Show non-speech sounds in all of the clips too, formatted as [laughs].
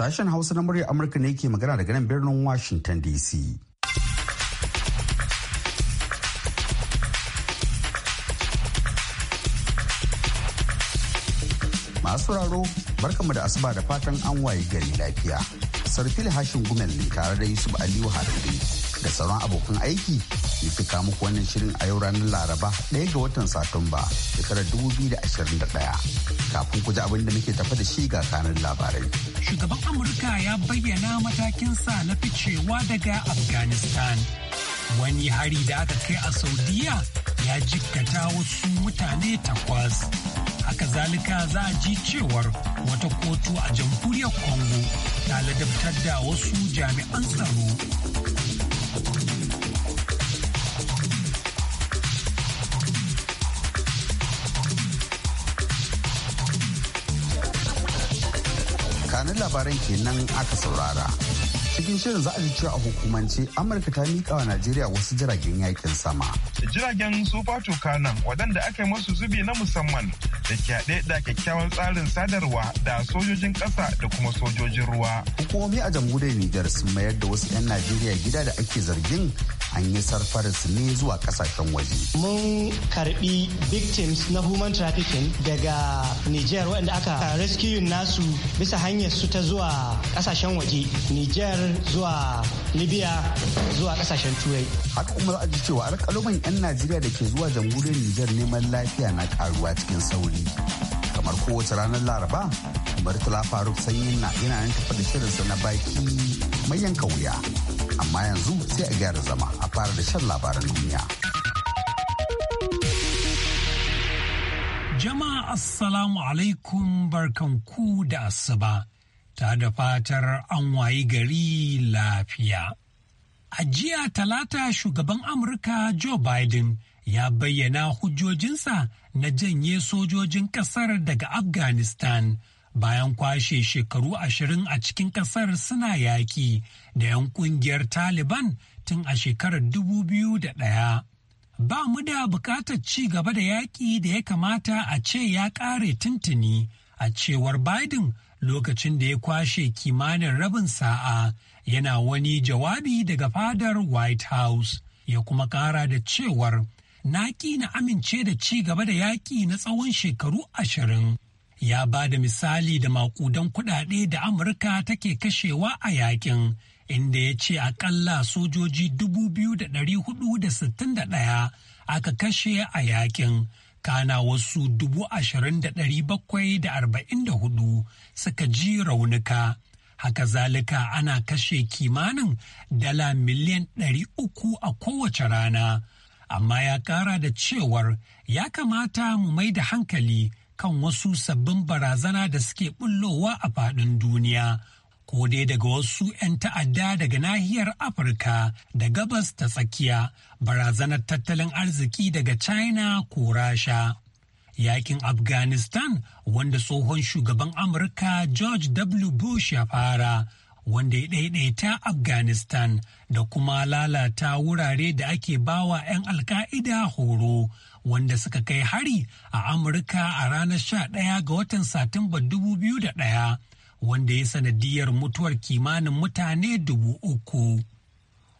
Sashen Hausa na muryar Amurka ne ke magana daga nan birnin Washington DC. Masu raro, barkanmu da asuba da fatan an waye gari lafiya. Sarfil Hashin Gumel ne tare da Yusuf Aliyu Harbi da sauran abokan aiki muke fi kamu wannan shirin a yau ranar laraba ɗaya ga watan satumba shekarar 2021 kafin ku ji abin da muke tafa da shi ga kanan labarai shugaban amurka ya bayyana matakinsa na ficewa daga afghanistan wani hari da aka kai a saudiya ya jikkata wasu mutane takwas haka zalika za a ji cewar wata kotu a jamhuriyar congo ta ladabtar da wasu jami'an tsaro labaran kenan aka saurara. cikin shirin za a ji cewa a hukumance amurka ta miƙa wa najeriya wasu jiragen yakin sama jiragen super tucanan waɗanda aka yi masu zubi na musamman da ke haɗe da kyakkyawan tsarin sadarwa da sojojin ƙasa da kuma sojojin ruwa hukumomi a jamhuriyar nijar sun mayar da wasu 'yan najeriya gida da ake zargin an yi sarfaris ne zuwa kasashen waje. Mun karbi victims na human trafficking daga Niger waɗanda aka rescue nasu bisa hanyar su ta zuwa kasashen waje. Niger zuwa Libya zuwa kasashen Turai. Haka kuma za'a ji cewa alƙaluman 'yan Najeriya da ke zuwa jamhuriyar Niger neman lafiya na karuwa cikin sauri. Kamar kowace ranar Laraba, Murtala Faruk sanyi na yana nan tafa da shirinsa na baki mai yanka wuya. amma yanzu sai a gyara zama a fara da shan labaran duniya. Jama'a Assalamu alaikum barkanku da asuba ta da fatar an wayi gari lafiya. A jiya talata shugaban Amurka Joe Biden ya bayyana hujjojinsa na janye sojojin ƙasar daga Afghanistan bayan kwashe shekaru ashirin a cikin kasar suna yaƙi da 'yan kungiyar taliban tun a shekarar dubu biyu da ɗaya. ba mu da bukatar ci gaba da yaƙi da ya kamata a ce ya ƙare tuntuni a cewar biden lokacin da ya kwashe kimanin rabin sa'a yana wani jawabi daga fadar white house ya kuma ƙara da cewar na na amince da ci gaba da yaƙi na tsawon shekaru ashirin ya ba da misali da makudan kuɗaɗe da amurka take kashewa a yakin inda ya ce akalla sojoji 2,461 aka kashe a yakin kana wasu 20,744 suka ji raunuka haka zalika ana kashe kimanin dala miliyan uku a kowace rana amma ya ƙara da cewar ya kamata mu mai da hankali kan wasu sabbin barazana da suke bullowa a faɗin duniya ko dai daga wasu 'yan ta'adda daga nahiyar afirka da gabas ta tsakiya barazanar tattalin arziki daga china ko rasha yakin afghanistan wanda tsohon shugaban amurka george w bush ya fara wanda ya ɗaiɗaita afghanistan da kuma lalata wurare da ake bawa 'yan alka'ida horo wanda suka kai hari a amurka a ranar sha 11 ga watan satumba 2001 wanda ya sanadiyar mutuwar kimanin mutane dubu uku.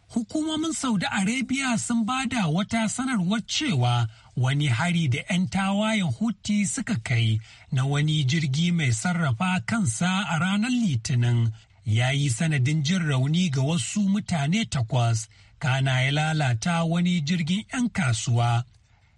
hukumomin saudi arabia sun ba da wata sanarwar cewa wani hari da 'yan tawayen huti suka kai na wani jirgi mai sarrafa kansa a ranar litinin ya yi sanadin jin rauni ga wasu mutane takwas kana ya lalata wani jirgin 'yan kasuwa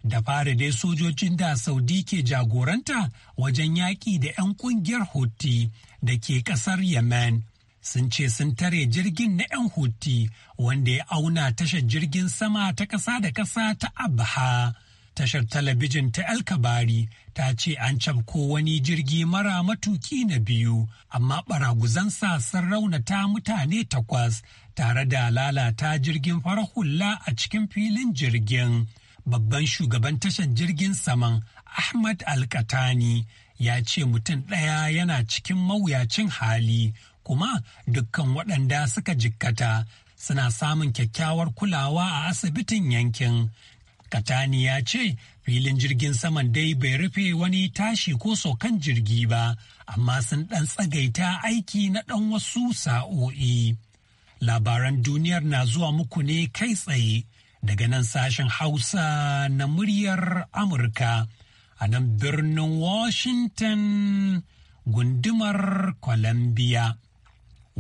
da fara dai sojojin da saudi ke jagoranta wajen yaƙi da 'yan ƙungiyar hutti da ke ƙasar yemen sun ce sun tare jirgin na 'yan hutti wanda ya auna tashar jirgin sama ta ƙasa da ƙasa ta abha Tashar talabijin ta Alkabari ta ce an camko wani jirgi mara matuki na biyu, amma baraguzansa sun raunata mutane takwas tare da lalata jirgin fara hula a cikin filin jirgin. Babban shugaban tashar jirgin saman Ahmad Alkatani ya ce mutum ɗaya yana cikin mawuyacin hali kuma dukkan waɗanda suka jikkata suna samun kyakkyawar kulawa a asibitin yankin Katani ya ce filin jirgin saman dai bai rufe wani tashi ko sokan jirgi ba, amma sun ɗan tsagaita aiki na ɗan wasu sa'o'i. Labaran duniyar na zuwa muku ne kai tsaye daga nan sashen Hausa na muryar Amurka a nan birnin Washington gundumar Columbia.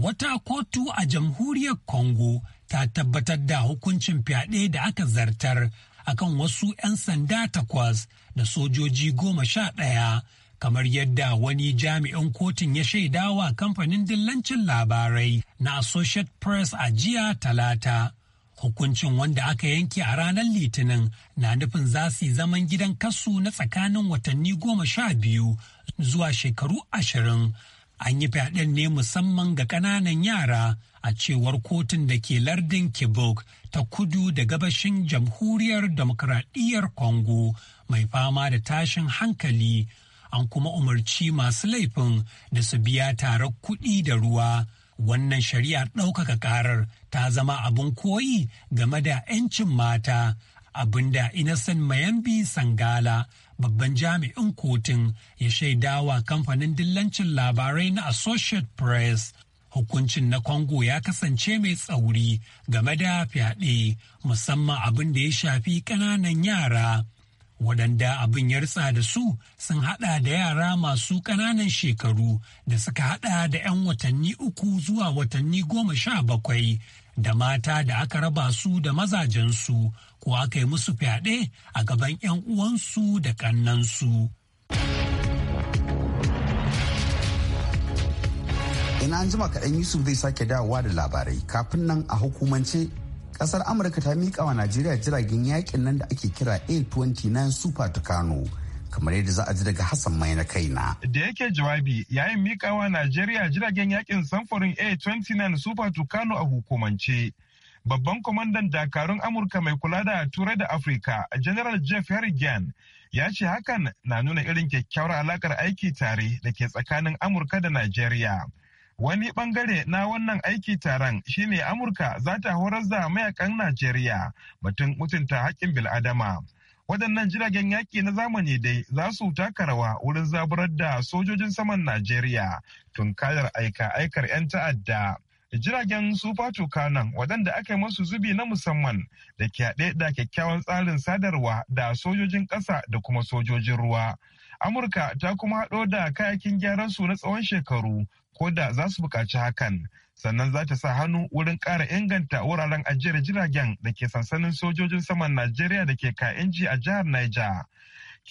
Wata kotu a jamhuriyar Congo ta tabbatar da hukuncin fyaɗe da aka zartar akan wasu 'yan sanda takwas da sojoji goma sha ɗaya kamar yadda wani jami'in kotun ya shaidawa kamfanin dillancin labarai na associate press a jiya talata hukuncin wanda aka yanke a ranar litinin na nufin za su zaman gidan kasu na tsakanin watanni goma sha biyu zuwa shekaru ashirin An yi fyaɗen ne musamman ga ƙananan yara a cewar kotun da ke lardin Kibok ta kudu da gabashin jamhuriyar demokradiyyar Congo mai fama da tashin hankali an kuma umarci masu laifin da su biya tare kuɗi da ruwa. Wannan shari'a ɗaukaka ƙarar ta zama abin koyi game da 'yancin mata abinda Innocent Mayambi Sangala babban jami'in kotun ya shaidawa kamfanin dillancin labarai na associate press hukuncin na congo ya kasance mai tsauri game da fyaɗe musamman abin da ya shafi ƙananan yara waɗanda abin ya ritsa da su sun haɗa da yara masu ƙananan shekaru da suka haɗa da 'yan watanni uku zuwa watanni goma sha bakwai da mata da aka raba su da mazajensu ko aka yi musu fyaɗe a gaban 'yan uwansu da ƙannansu. Ina an jima kaɗan Yusuf zai sake dawowa da labarai kafin nan a hukumance ƙasar Amurka ta miƙa wa Najeriya jiragen yakin nan da ake kira A-29 Super Tucano. kamar yadda za a ji daga Hassan mai na kaina. Da yake jawabi yayin mikawa Najeriya jiragen yakin samfurin A29 Super Tucano a hukumance. Babban kwamandan dakarun Amurka mai kula da Turai da Afirka, General Jeff Harrigan, ya ce hakan na nuna irin kyakkyawar alakar aiki tare da ke tsakanin Amurka da Najeriya. Wani bangare na wannan aiki taron shine Amurka za ta horar da mayakan Najeriya batun mutunta haƙƙin bil'adama. waɗannan jiragen yaƙi na zamani dai za su taka rawa wurin zaburar da sojojin saman najeriya tunkarar aika-aikar 'yan ta'adda jiragen super nan waɗanda aka yi masu zubi na musamman da ke haɗe da kyakkyawan tsarin sadarwa da sojojin ƙasa da kuma sojojin ruwa amurka ta kuma haɗo da kayakin gyaran su na tsawon shekaru ko da za su buƙaci hakan sannan za ta sa hannu wurin ƙara inganta wuraren ajiyar jiragen da ke sansanin sojojin saman Najeriya da ke Kainji a jihar Niger.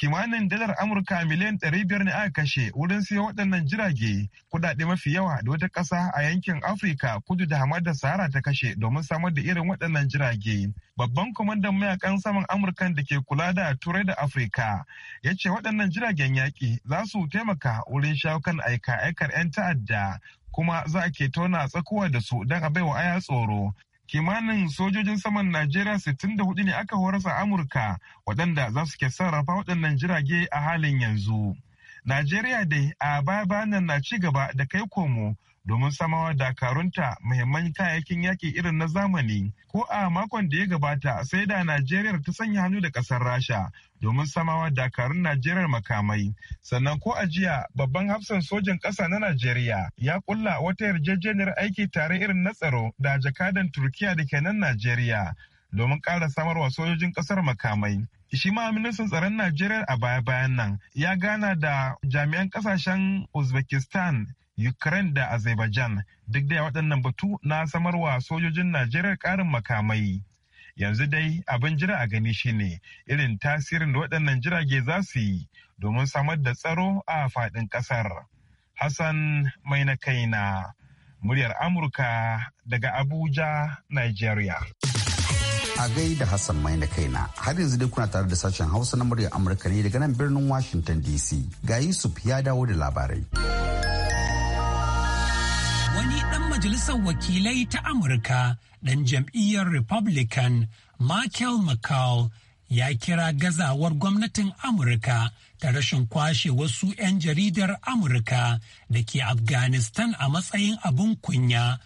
Kimanin dalar Amurka miliyan 500 ne aka kashe wurin siya waɗannan jirage kuɗaɗe mafi yawa da wata ƙasa a yankin Afirka kudu da hamadar Sahara ta kashe domin samar da irin waɗannan jirage. Babban kwamandan mayakan saman Amurkan da ke kula da Turai da Afirka ya ce waɗannan jiragen yaƙi za su taimaka wurin shawo kan aika-aikar 'yan ta'adda kuma za a ke tauna tsakuwa da su don a bai wa aya tsoro kimanin sojojin saman najeriya sittin da hudu ne aka horasa amurka waɗanda za su ke sarrafa waɗannan jirage a halin yanzu najeriya dai a baya nan na ci gaba da kai komo domin samawa dakarunta muhimman kayayyakin yaƙi irin na zamani ko a makon da ya gabata sai da najeriya ta sanya hannu da ƙasar rasha domin samawa dakarun najeriya makamai sannan ko a jiya babban hafsan sojin ƙasa na najeriya ya kulla wata yarjejeniyar aiki tare irin na tsaro da jakadan turkiya da ke nan najeriya domin ƙara samarwa sojojin ƙasar makamai shi ma ministan tsaron Najeriya a baya-bayan nan ya gana da jami'an ƙasashen Uzbekistan Ukraine da Azerbaijan duk da waɗannan batu na samarwa sojojin Najeriya ƙarin makamai. Yanzu dai abin jira a gani shine irin tasirin da waɗannan jirage za su yi domin samar da tsaro a faɗin ƙasar. Hassan mai na kaina, muryar Amurka daga Abuja, Nigeria. A gaida Hassan mai na kaina, har yanzu dai kuna tare da sashen Hausa na muryar Amurka ne daga nan birnin Washington DC. Ga Yusuf ya dawo da labarai. Wani ɗan majalisar wakilai ta Amurka ɗan jam'iyyar Republican Michael McCall ya kira gazawar gwamnatin Amurka ta rashin kwashe wasu 'yan jaridar Amurka da ke Afghanistan a matsayin abin kunya,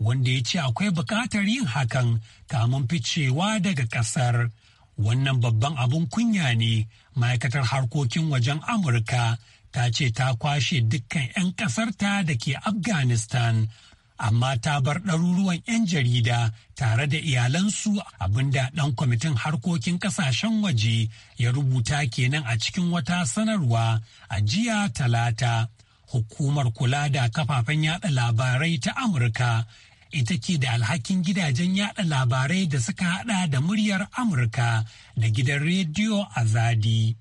wanda ya ce akwai buƙatar yin hakan kamun ficewa daga ƙasar. Wannan babban abun kunya ne ma'aikatar harkokin wajen Amurka ta ce ta kwashe dukkan 'yan ƙasarta da ke afghanistan amma ta bar ɗaruruwan 'yan jarida tare da iyalansu abinda ɗan kwamitin harkokin ƙasashen waje ya rubuta kenan a cikin wata sanarwa a jiya talata hukumar kula da kafafen yada labarai ta amurka ita ke da alhakin gidajen yada labarai da suka hada da muryar amurka da gidan rediyo a zadi.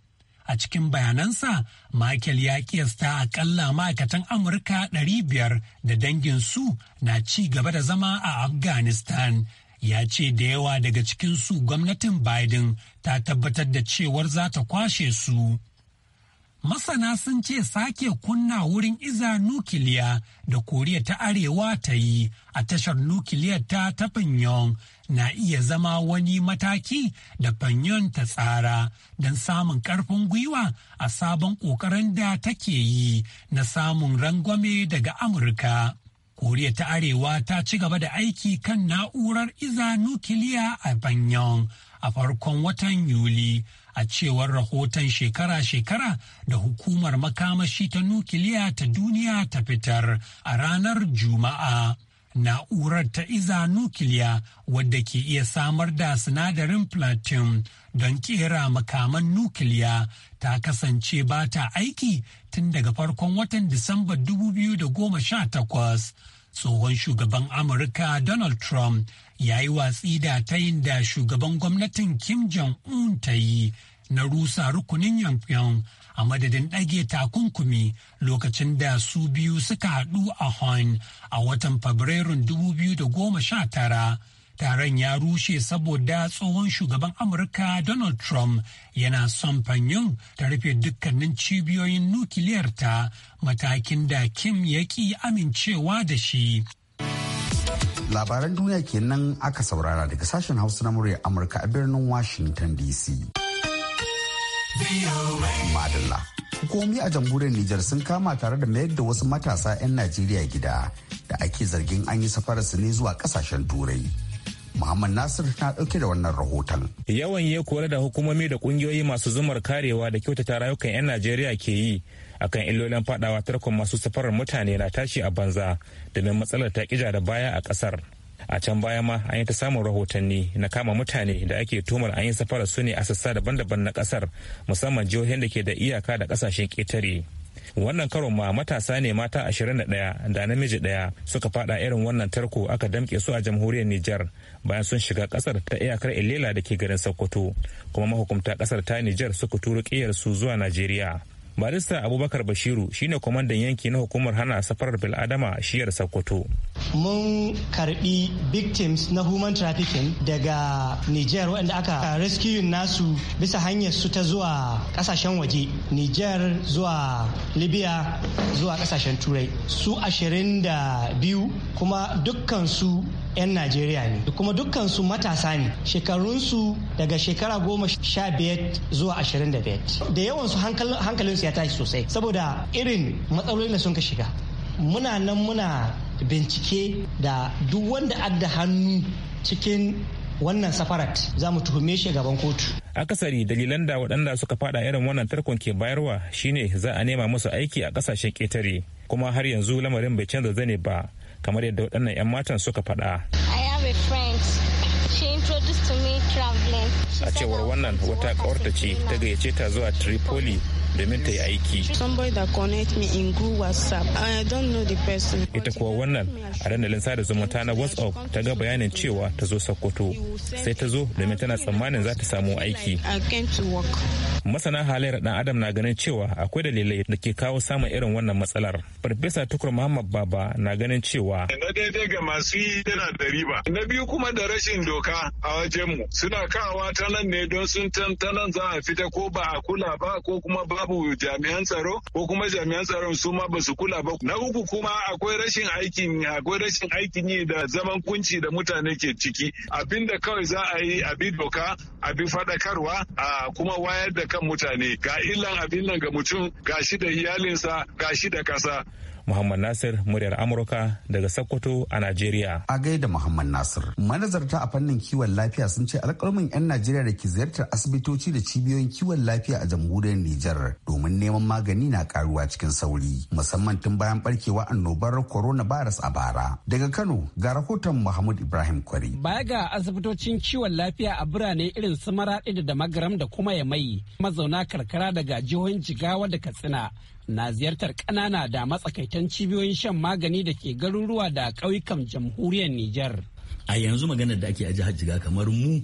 a cikin bayanansa michael ya kiyasta akalla ma'aikatan amurka 500 da danginsu na ci gaba da zama a afghanistan ya ce da yawa daga cikinsu gwamnatin biden ta tabbatar da cewar za ta kwashe su masana sun ce sake kunna wurin iza nukiliya da koriya ta arewa ta yi a tashar nukiliyar ta ta Pyongyang na iya zama wani mataki da Pyongyang ta tsara don samun karfin gwiwa a sabon kokarin da take yi na samun rangwame daga amurka koriya ta arewa ta ci gaba da aiki kan na'urar iza nukiliya a Pyongyang a farkon watan Yuli a cewar rahoton shekara-shekara da hukumar makamashi ta nukiliya ta duniya ta fitar a ranar Juma'a. Na'urar ta iza nukiliya wadda ke iya samar da sinadarin platinum don kera makaman nukiliya ta kasance ba ta aiki tun daga farkon watan Disamba 2018. tsohon shugaban amurka donald trump ya yi watsi da ta yin da shugaban gwamnatin Kim Jong-un ta yi na rusa rukunin yankuyan a madadin ɗage takunkumi lokacin da su biyu suka haɗu a Hon a watan Fabrairun 2019. Taron ya rushe saboda tsohon shugaban Amurka Donald Trump yana son fanyin ta rufe dukkanin cibiyoyin nukiliyarta matakin da Kim ya ƙi amincewa da shi. labaran duniya kenan aka saurara daga sashen hausa na murya amurka a birnin washington dc madalla hukumomi a jamhuriyar nijar sun kama tare da mayar da wasu matasa 'yan najeriya gida da ake zargin an yi su ne zuwa kasashen turai Muhammad Nasir na ɗauke da wannan rahoton. Yawan ya kore da hukumomi da kungiyoyi masu zumar karewa da kyautata rayukan 'yan Najeriya ke yi akan illolin fadawa tarkon masu safarar mutane na tashi a banza domin matsalar ta kija da baya a kasar a can baya ma an yi ta samun rahotanni na kama mutane da ake tumar an yi safarar su ne a sassa daban-daban na kasar musamman jihohin da ke da iyaka da kasashen ketare wannan karon ma matasa ne mata 21 da namiji daya suka fada irin wannan tarko aka damke su a jamhuriyar Nijar bayan sun shiga kasar ta iyakar Ilela da ke garin Sokoto kuma mahukumta kasar ta Nijar suka turo kiyar su zuwa Najeriya barista abubakar bashiru shine kwamandan yanki na hukumar hana safarar bil'adama a shiyar sokoto mun karbi victims na human trafficking daga niger wanda aka rescue nasu bisa hanyar su ta zuwa kasashen waje niger zuwa libya zuwa kasashen turai su ashirin da biyu kuma dukkan su 'yan najeriya ne kuma dukkansu matasa ne shekarunsu daga shekara goma sha biyar zuwa ashirin da biyar da yawansu su ya tashi sosai saboda irin matsalolin da sun ka shiga muna nan muna bincike da duk wanda adda hannu cikin wannan safarat za mu tuhume shi gaban kotu. Akasari dalilan da waɗanda suka fada irin wannan tarkon ke bayarwa shine za a nema musu aiki a ƙasashen ƙetare kuma har yanzu lamarin bai canza zane ba kamar yadda waɗannan 'yan matan suka faɗa. A cewar wannan wata ƙawarta ce ta gayyace ta zuwa Tripoli domin ta yi aiki. Ita kuwa wannan a dandalin sada zumunta na WhatsApp ta ga bayanin cewa ta zo Sokoto sai ta zo domin tana tsammanin za ta samu aiki. Masana halayyar ɗan Adam na ganin cewa akwai dalilai da ke kawo samun irin wannan matsalar. Farfesa Tukur Muhammad Baba na ganin cewa. Na daidai ga masu yi yana da riba. Na biyu kuma da rashin doka a wajenmu. Suna kawa ta nan ne don sun tantanan za a fita ko ba a kula ba ko kuma ba babu jami'an tsaro ko kuma jami'an tsaron su ma ba su kula ba na uku kuma akwai rashin aikin akwai rashin aikin yi da zaman kunci da mutane ke ciki abinda kawai za a yi a bi doka a bi faɗakarwa a kuma wayar da kan mutane ga illan abin nan ga mutum ga shi da iyalinsa ga shi da kasa Muhammad Nasir muryar Amurka daga Sokoto a Najeriya. A gaida Muhammad Nasir. Manazarta a fannin kiwon lafiya sun ce alƙalmin 'yan Najeriya da ke ziyartar asibitoci da cibiyoyin kiwon lafiya a jamhuriyar Nijar domin neman magani na karuwa cikin sauri musamman tun bayan barkewa annobar coronavirus a bara. Daga Kano ga rahoton Muhammad Ibrahim Kwari. Baya ga asibitocin kiwon lafiya a birane irin su Maraɗi da Damagaram da kuma Yamai mazauna karkara daga jihohin Jigawa da Katsina na ziyartar ƙanana da matsakaitan cibiyoyin shan magani da ke garuruwa da ƙauyukan jamhuriyar Nijar. A yanzu maganar da ake a jihar Jiga kamar mu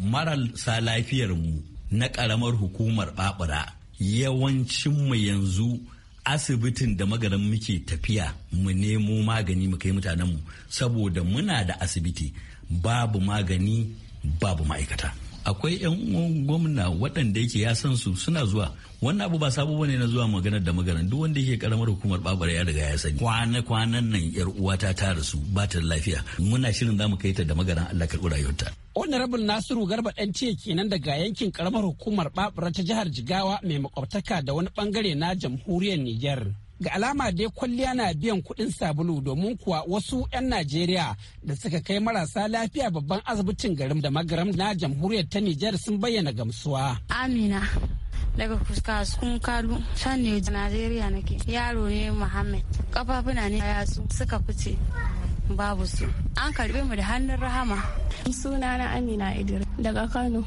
marasa lafiyar mu na ƙaramar hukumar Babura yawancin mu yanzu asibitin da magaran muke tafiya mu nemo magani mu kai mutanenmu saboda muna da asibiti babu magani babu ma'aikata. akwai yan uwan gwamna waɗanda yake ya san su suna zuwa wannan abu ba sabo bane na zuwa maganar da maganar duk wanda yake karamar hukumar babara ya riga ya sani kwana kwanan nan yar uwata ta rasu ba ta lafiya muna shirin zamu kai ta da maganar Allah karɓi rayuwarta honorable nasiru garba dan ce kenan daga yankin karamar hukumar babura ta jihar jigawa mai makwabtaka da wani bangare na jamhuriyar niger ga alama dai kwalliya na biyan kuɗin sabulu domin kuwa wasu 'yan najeriya da suka kai marasa lafiya babban asibitin garin da magaram na jamhuriyar ta nijar sun bayyana gamsuwa amina daga sun kalu shan ne najeriya nake yaro ne muhammad kafafuna ne yatsu suka fice babu su an karbe mu da hannun rahama suna na amina idir daga kano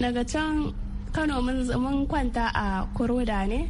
daga can kano mun kwanta a kuroda ne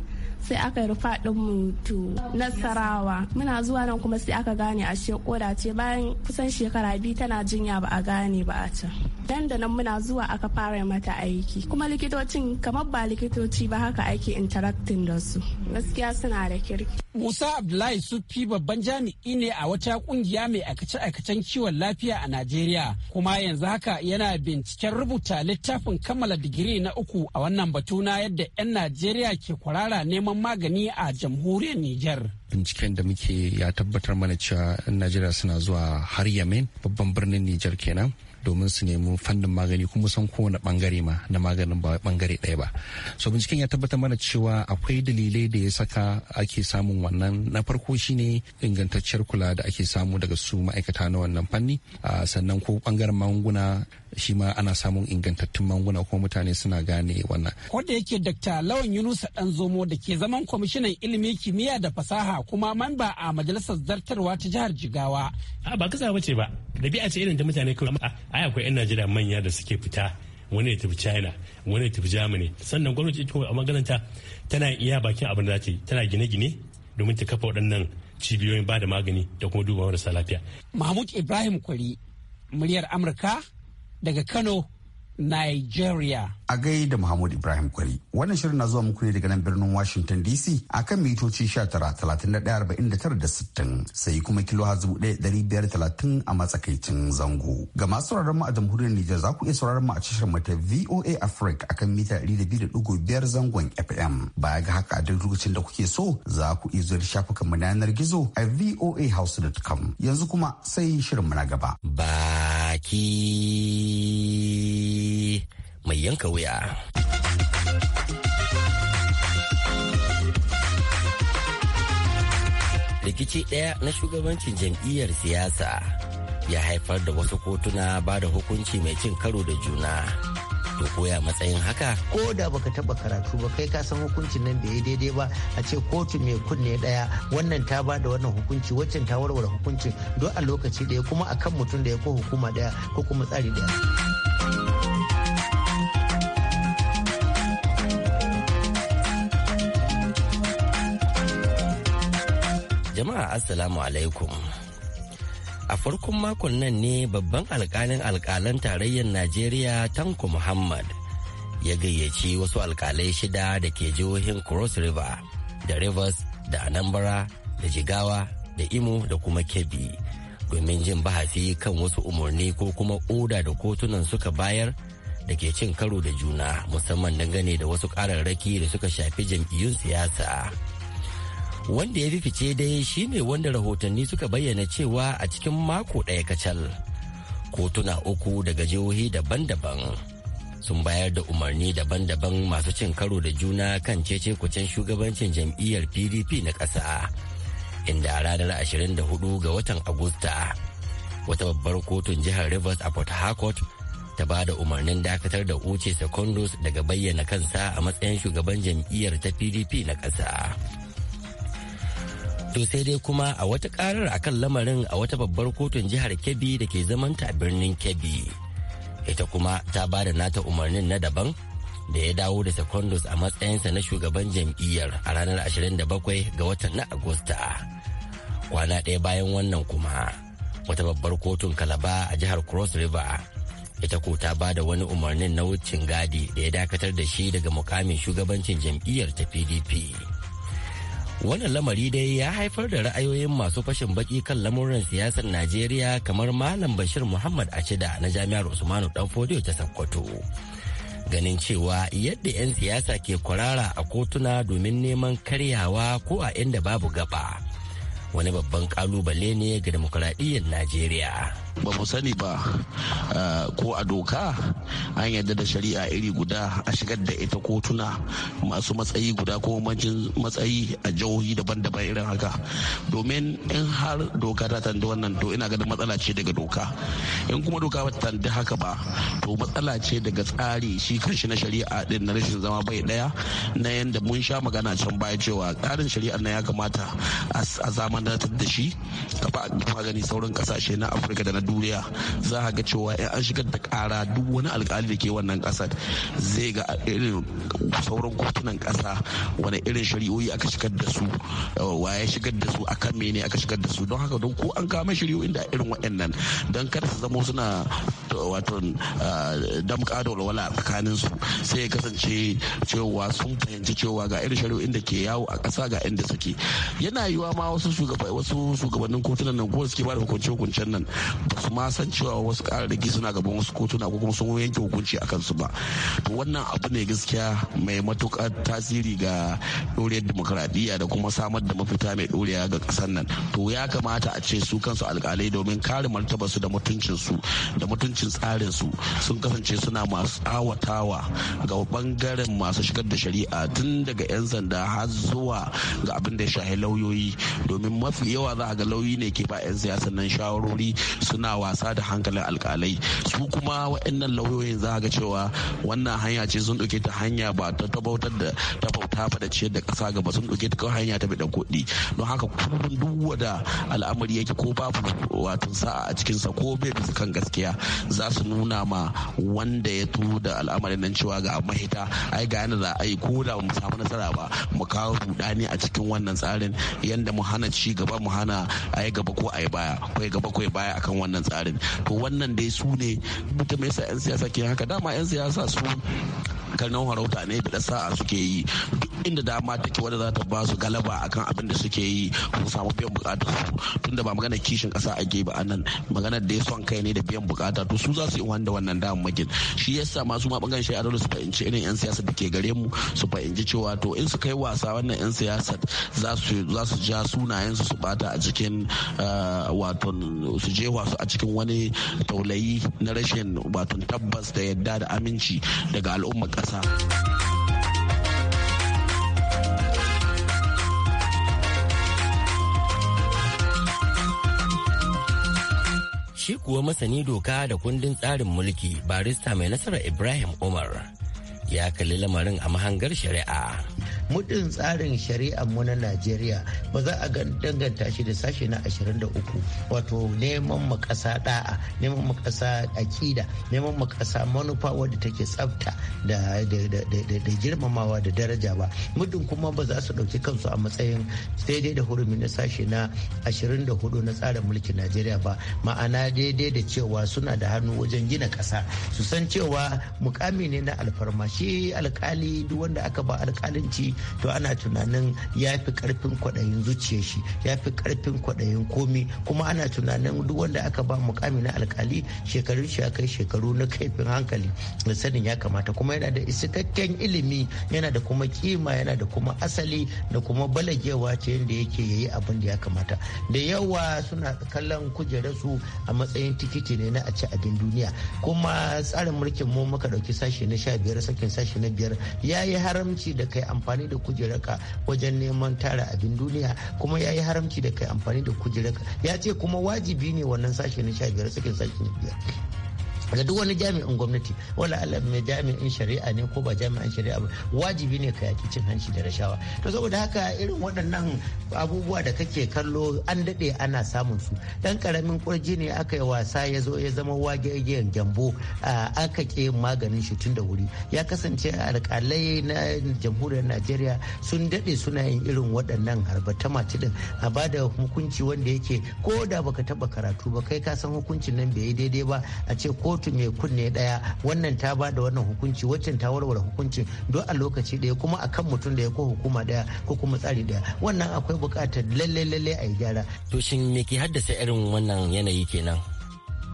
sai aka yi rufa mu to nasarawa muna zuwa nan kuma sai aka gane a koda ce bayan kusan shekara biyu tana jinya ba a gane ba a can dan da nan muna zuwa aka fara mata aiki kuma likitocin kamar ba likitoci ba haka ake interacting da su gaskiya suna da kirki Musa Abdullahi Sufi babban jami'i ne a wata kungiya mai aikace-aikacen kiwon lafiya a Najeriya kuma yanzu haka yana binciken rubuta littafin kammala digiri na uku a wannan batu na yadda 'yan Najeriya ke kwarara neman magani a jamhuriyar Nijar. Binciken da muke ya tabbatar mana cewa 'yan Najeriya suna zuwa har Yamen babban birnin Nijar kenan domin su nemi fannin magani kuma san kowane bangare ma na maganin ba bangare ɗaya ba so binciken ya tabbatar mana cewa akwai dalilai da ya saka ake samun wannan na farko shine ingantacciyar kula da ake samu daga su ma'aikata na wannan fanni sannan ko bangaren magunguna shi ma ana samun ingantattun manguna kuma mutane suna gane wannan. Ko da yake Dr. Lawan Yunusa Dan Zomo da ke zaman kwamishinan ilimi kimiyya da fasaha kuma mamba a majalisar zartarwa ta jihar Jigawa. A ba kasa bace ba. da Dabi'a ce irin ta mutane kawai. Ai akwai 'yan Najeriya manya da suke fita wani ya tafi china wani ya tafi germany sannan gwamnati ita a makaranta tana iya bakin abin da ta yi tana gine-gine domin ta kafa waɗannan cibiyoyin ba da magani da kuma duba marasa lafiya. mahmud ibrahim kwari muryar amurka daga Kano, Nigeria. A da Muhammad Ibrahim Kwari. Wannan shirin na zuwa muku ne daga nan birnin Washington DC a kan mitoci 19,3960 sai kuma kilo talatin a matsakaicin zango. Ga masu sauraron mu a jamhuriyar Nijar za ku iya sauraron mu a tashar mata VOA Africa a kan mita 200.5 zangon FM. Baya ga haka a duk lokacin da kuke so za ku iya zuwa shafukan mu na yanar gizo a voahouse.com. Yanzu kuma sai shirin mu na gaba. Baki mai yanka wuya. rikici ɗaya na shugabancin jam'iyyar siyasa ya haifar da wasu kotuna ba da hukunci mai cin karo da juna to koya matsayin haka ko da baka taba karatu ba kai ka san hukuncin nan bai daidai ba a ce kotu mai kunne daya wannan ta ba da wannan hukunci waccan ta warware hukuncin don a lokaci daya kuma a kan mutum da ya ko hukuma daya ko kuma tsari daya Jama'a Assalamu alaikum. A farkon makon nan ne babban alkalin alkalan tarayyar Najeriya Tanko Muhammad ya gayyaci wasu alkalai shida da ke jihohin Cross River da Rivers da Anambra da Jigawa da Imo da kuma Kebbi domin jin bahafi kan wasu umarni ko kuma oda da kotunan suka bayar da ke cin karo da juna musamman dangane da wasu ƙararraki da suka shafi jam'iyyun siyasa. wanda ya fi fice dai shine wanda rahotanni suka bayyana cewa a cikin mako ɗaya kacal kotuna uku daga jihohi daban-daban sun bayar da umarni daban-daban masu cin karo da juna kan cece kucin shugabancin jam'iyyar pdp na ƙasa inda a ranar 24 ga watan agusta wata babbar kotun jihar rivers a port harcourt ta ba da umarnin dakatar da uce secondos daga bayyana kansa a matsayin shugaban jam'iyyar ta pdp na ƙasa. To sai dai kuma a wata karar kan lamarin a wata babbar kotun jihar Kebbi da ke zamanta a birnin Kebbi. Ita kuma ta ba da nata umarnin na daban da ya dawo da secondus a matsayinsa na shugaban jam'iyyar a ranar 27 ga watan na Agusta. Kwana ɗaya bayan wannan kuma wata babbar kotun Kalaba a jihar Cross River ita ko ta ba da wani umarnin na wucin gadi da ya dakatar da shi daga mukamin shugabancin jam'iyyar ta PDP. wannan lamari dai ya haifar da ra'ayoyin masu fashin baki kan lamuran siyasar najeriya kamar malam bashir muhammad Achida na jami'ar usmanu danfodiyo ta Sokoto. ganin cewa yadda 'yan siyasa ke kwarara a kotuna domin neman karyawa ko a inda babu gaba wani babban kalubale ne ga demokuraɗiyyar najeriya ba mu sani ba eh, ko a doka an yarda da shari'a iri guda a shigar da ita kotuna masu matsayi guda ko mancin matsayi a jihohi daban-daban irin haka domin in har doka ta tandi wannan to ina ganin matsala ce daga doka in kuma doka ba ta tandi haka ba to matsala ce daga tsari shi kanshi na shari'a din na rashin zama bai daya na yanda mun sha magana can baya cewa tsarin shari'a na ya kamata a zamanantar da shi kafa a gani sauran kasashe na afirka da na duniya za a ga cewa in an shigar da kara duk wani alkali da ke wannan kasar zai ga irin sauran kotunan kasa wani irin shari'o'i aka shigar da su eh, waye shigar da su akan mene aka shigar da su don haka don ko an kama shari'o'in da irin waɗannan don kada su zama suna wato eh, damka da walwala tsakanin su sai ya kasance cewa sun fahimci cewa ga irin shari'o'in da ke yawo a ƙasa ga inda suke yana yiwa ma wasu wasu shugabannin kotunan nan ko suke ba da hukunce hukuncen nan ba su ma san cewa wasu ƙararraki suna gaban wasu kotuna ko kuma sun yanke hukunci a kansu ba to wannan abu ne gaskiya mai matukar tasiri ga ɗoriyar dimokuraɗiyya da kuma samar da mafita mai ɗoriya ga ƙasar nan to ya kamata a ce su kansu alƙalai domin kare martabarsu da mutuncinsu da mutuncin tsarinsu sun kasance suna masu awatawa ga bangaren masu shigar da shari'a tun daga 'yan sanda har zuwa ga abin da ya shahi lauyoyi domin mafi yawa za a ga lauyi ne ke ba 'yan siyasa nan shawarori suna suna wasa da hankalin alkalai su kuma waɗannan lauyoyin za ga cewa wannan hanya ce sun ɗauke ta hanya ba ta tabautar da ta bauta ba da ciyar da ƙasa gaba sun ɗauke ta kawai hanya ta bidan kuɗi don haka kullum duk wada al'amari yake ko babu wato sa'a a cikinsa ko bai bisa kan gaskiya za su nuna ma wanda ya tu da al'amarin nan cewa ga mahita ai ga yana za a ko da mu samu nasara ba mu kawo rudani a cikin wannan tsarin yanda mu hana ci gaba mu hana ai gaba ko ai baya ko gaba ko baya akan wannan wannan tsarin to wannan dai su ne mutum yasa 'yan siyasa ke haka dama 'yan siyasa su karnan harauta ne da sa'a suke yi duk inda dama take wadda za ta ba su galaba akan abin da suke yi ko samu biyan bukatar su tunda ba magana kishin kasa a ake ba anan magana da ya son kai ne da biyan bukata to su za su yi wanda wannan damammakin shi ya sa masu ma bangaren shi a dole su fahimci irin yan siyasa da ke gare mu su fahimci cewa to in su kai wasa wannan yan siyasa za su ja sunayen su su bata a cikin ah, wato su je wasu a cikin wani taulayi na rashin wato tabbas da yadda da aminci daga al'ummar ƙasa. Shi kuwa masani doka da kundin tsarin mulki barista mai nasarar Ibrahim Umar ya kalli lamarin a mahangar shari'a. muddin tsarin shari'ar mu na najeriya ba za a danganta shi da sashe na 23 wato neman makasa da'a neman makasa akida neman makasa manufa wadda take tsafta da girmamawa da daraja ba muddin kuma ba za su ɗauki kansu a matsayin daidai da hurumi na sashe na 24 na tsarin mulkin najeriya ba ma'ana daidai da cewa suna da hannu wajen gina ƙasa su san cewa mukami ne na alfarma shi alkali duk wanda aka ba alkalinci to ana tunanin ya fi karfin kwaɗayin zuciya shi ya fi karfin kwaɗayin komi kuma ana tunanin duk wanda aka ba mukami na alkali shekarun shi kai shekaru na kaifin hankali da sanin ya kamata kuma yana da isikakken ilimi yana da kuma kima yana da kuma asali da kuma balagewa ta yadda yake yayi abin da ya kamata da yawa suna kallon kujerarsu a matsayin tikiti ne na a ci abin duniya kuma tsarin mulkin mu muka dauki sashe na sha biyar sakin sashe na biyar ya yi haramci da kai amfani amfani da kujeraka wajen neman tara abin duniya kuma ya yi haramci da kai amfani da kujeraka ya ce kuma wajibi ne wannan sashe na sha biyar sakin sashe na biyar da duk wani jami'in gwamnati wala Allah mai jami'in shari'a ne ko ba jami'in shari'a ba wajibi ne ka yaki cin hanci da rashawa to saboda haka irin waɗannan abubuwa da kake kallo an daɗe ana samun su dan karamin kurji ne aka yi wasa ya zo ya zama wage igiyan gyambo aka ke maganin shi tun da wuri ya kasance alƙalai na jamhuriyar Najeriya sun daɗe suna yin irin waɗannan harba mace din a ba da hukunci wanda yake ko da baka taɓa karatu ba kai ka san hukuncin nan bai yi daidai ba a ce ko kotu mai kunne daya wannan ta ba da wannan hukunci waccan ta warware hukunci don a lokaci daya kuma akan mutum daya ko hukuma daya ko kuma tsari daya wannan akwai bukatar lalle lalle a yi gyara to shin me ke haddasa irin wannan yanayi kenan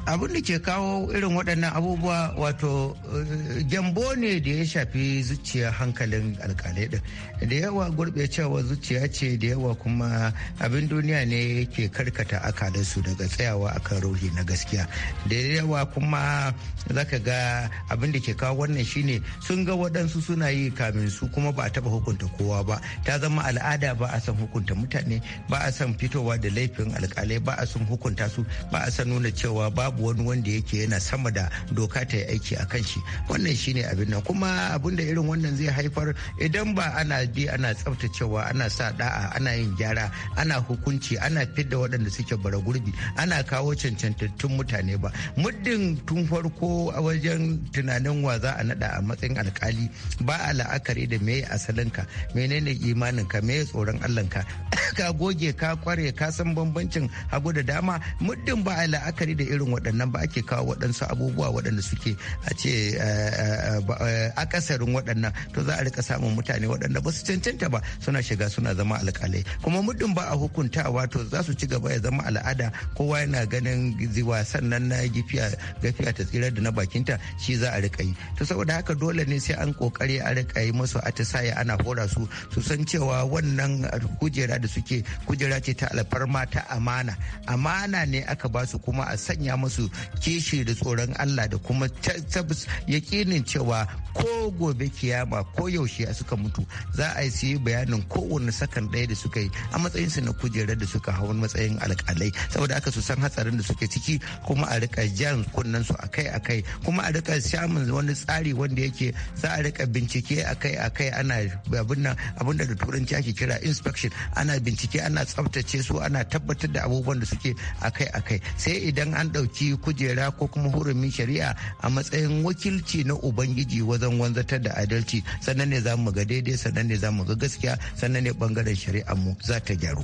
abin da ke kawo irin waɗannan abubuwa wato eh, gyambo ne da ya shafi zuciya hankalin alkalai ɗin da yawa cewa zuciya ce da yawa kuma abin duniya ne ke karkata akalinsu daga tsayawa akan ruhi na gaskiya da yawa kuma zaka ga abin da ke kawo wannan shine sun ga waɗansu suna yi kamin su kuma ba a taɓa hukunta kowa ba ta zama al'ada ba a san hukunta mutane ba a san fitowa da laifin alkalai ba a san hukunta su ba a san nuna cewa ba babu wani wanda yake yana sama da doka ta aiki a kan shi wannan shine abin nan kuma abin da irin wannan zai haifar idan ba ana bi ana tsaftacewa ana sa da'a ana yin gyara ana hukunci ana fidda waɗanda suke bara gurbi ana kawo cancantattun mutane ba muddin tun farko a wajen tunanin wa za a naɗa a matsayin alkali ba a la'akari da me asalinka menene imaninka me tsoron allahnka [laughs] ka goge ka kware ka san bambancin hagu da dama muddin ba a la'akari da irin waɗannan ba ake kawo waɗansu abubuwa waɗanda suke a ce eh, eh, eh, akasarin waɗannan to za a rika samun mutane waɗanda ba su cancanta ba suna shiga suna zama alƙalai kuma muddin ba a hukuntawa to za su ci gaba ya zama al'ada kowa yana ganin ziwa sannan na gifiya gafiya ta tsirar da na bakinta shi za a rika yi to saboda haka dole ne sai an kokari a rika yi musu atisaye ana hora su su san cewa wannan kujera da suke kujera ce ta alfarma ta amana amana ne aka ba su kuma a sanya musu musu kishi da tsoron Allah da kuma tabbas yakinin cewa ko gobe kiyama ko yaushe suka mutu za a yi bayanin kowane sakan ɗaya da suka yi a matsayin su na kujerar da suka hau matsayin alƙalai saboda aka su san hatsarin da suke ciki kuma a rika jan kunnen su akai akai kuma a rika samun wani tsari wanda yake za a rika bincike akai akai ana abinda abinda da turanci ake kira inspection ana bincike ana tsaftace su ana tabbatar da abubuwan da suke akai akai sai idan an ɗauki ci kujera ko kuma hurumin shari'a a matsayin wakilci na ubangiji wajen wanzatar da adalci sannan ne za mu ga daidai sannan ne za mu ga gaskiya sannan ne bangaren shari'a mu za ta gyaru.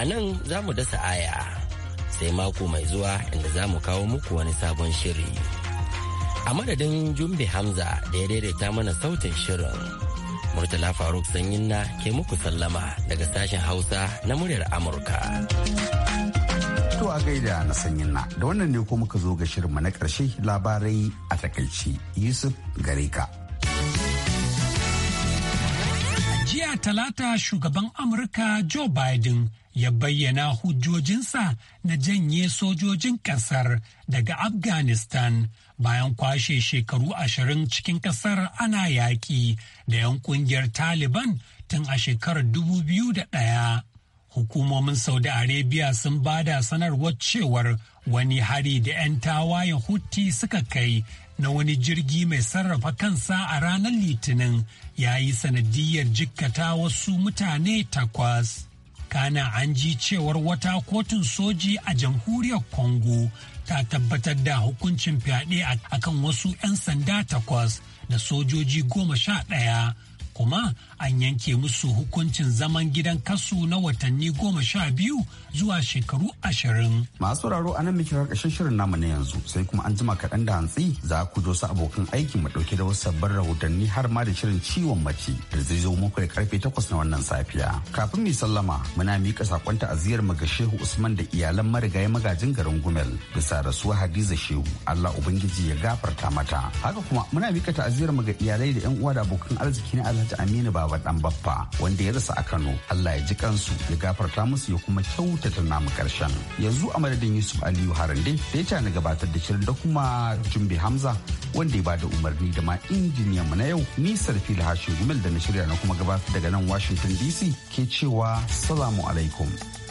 A nan za mu dasa aya sai mako mai zuwa inda za mu kawo muku wani sabon shiri. A madadin Jumbe Hamza da ya daidaita mana sautin shirin. Murtala Faruk Sanyinna ke muku sallama daga sashen Hausa na muryar Amurka. To a gaida na Sanyinna, da wannan ne ko muka zo ga shirinmu na ƙarshe labarai a takaici Yusuf Gareka. Jiya talata shugaban Amurka Joe Biden ya bayyana hujjojinsa na janye sojojin ƙasar daga Afghanistan. bayan kwashe shekaru ashirin cikin kasar ana yaƙi da 'yan kungiyar taliban tun a shekarar dubu biyu da 2001 hukumomin saudi arabia sun ba da sanarwar cewar wani hari da 'yan tawayen hutti suka kai na wani jirgi mai sarrafa kansa a ranar litinin ya yi sanadiyar jikkata wasu mutane takwas kana an ji cewar wata kotun soji a jamhuriyar congo ta tabbatar da hukuncin fyaɗe a kan wasu 'yan sanda takwas da sojoji goma sha ɗaya kuma an yanke musu hukuncin zaman gidan kasu na watanni goma sha biyu zuwa shekaru ashirin. Masu sauraro a nan muke karkashin shirin namu na yanzu sai kuma an jima kaɗan da hantsi za ku zo su abokan aiki mu ɗauke da wasu sabbin rahotanni har ma da shirin ciwon mace da zai zo muku da karfe takwas na wannan safiya. Kafin mu sallama muna miƙa sakon ta'aziyar mu ga Shehu Usman da iyalan marigayi magajin garin Gumel bisa rasuwa Hadiza Shehu Allah Ubangiji ya gafarta mata. Haka kuma muna miƙa ta'aziyarmu mu ga iyalai da 'yan uwa da abokan arziki na alhaji aminu baba dan baffa wanda ya rasa a kano allah ya ji kansu ya gafarta musu ya kuma kyautata namu karshen yanzu a madadin yusuf aliyu harande da ya na gabatar da shirin da kuma jumbe hamza wanda ya bada umarni da ma injiniyan mu na yau nisar fili hashin gumel da na shirya na kuma gabatar daga nan washington dc ke cewa salamu alaikum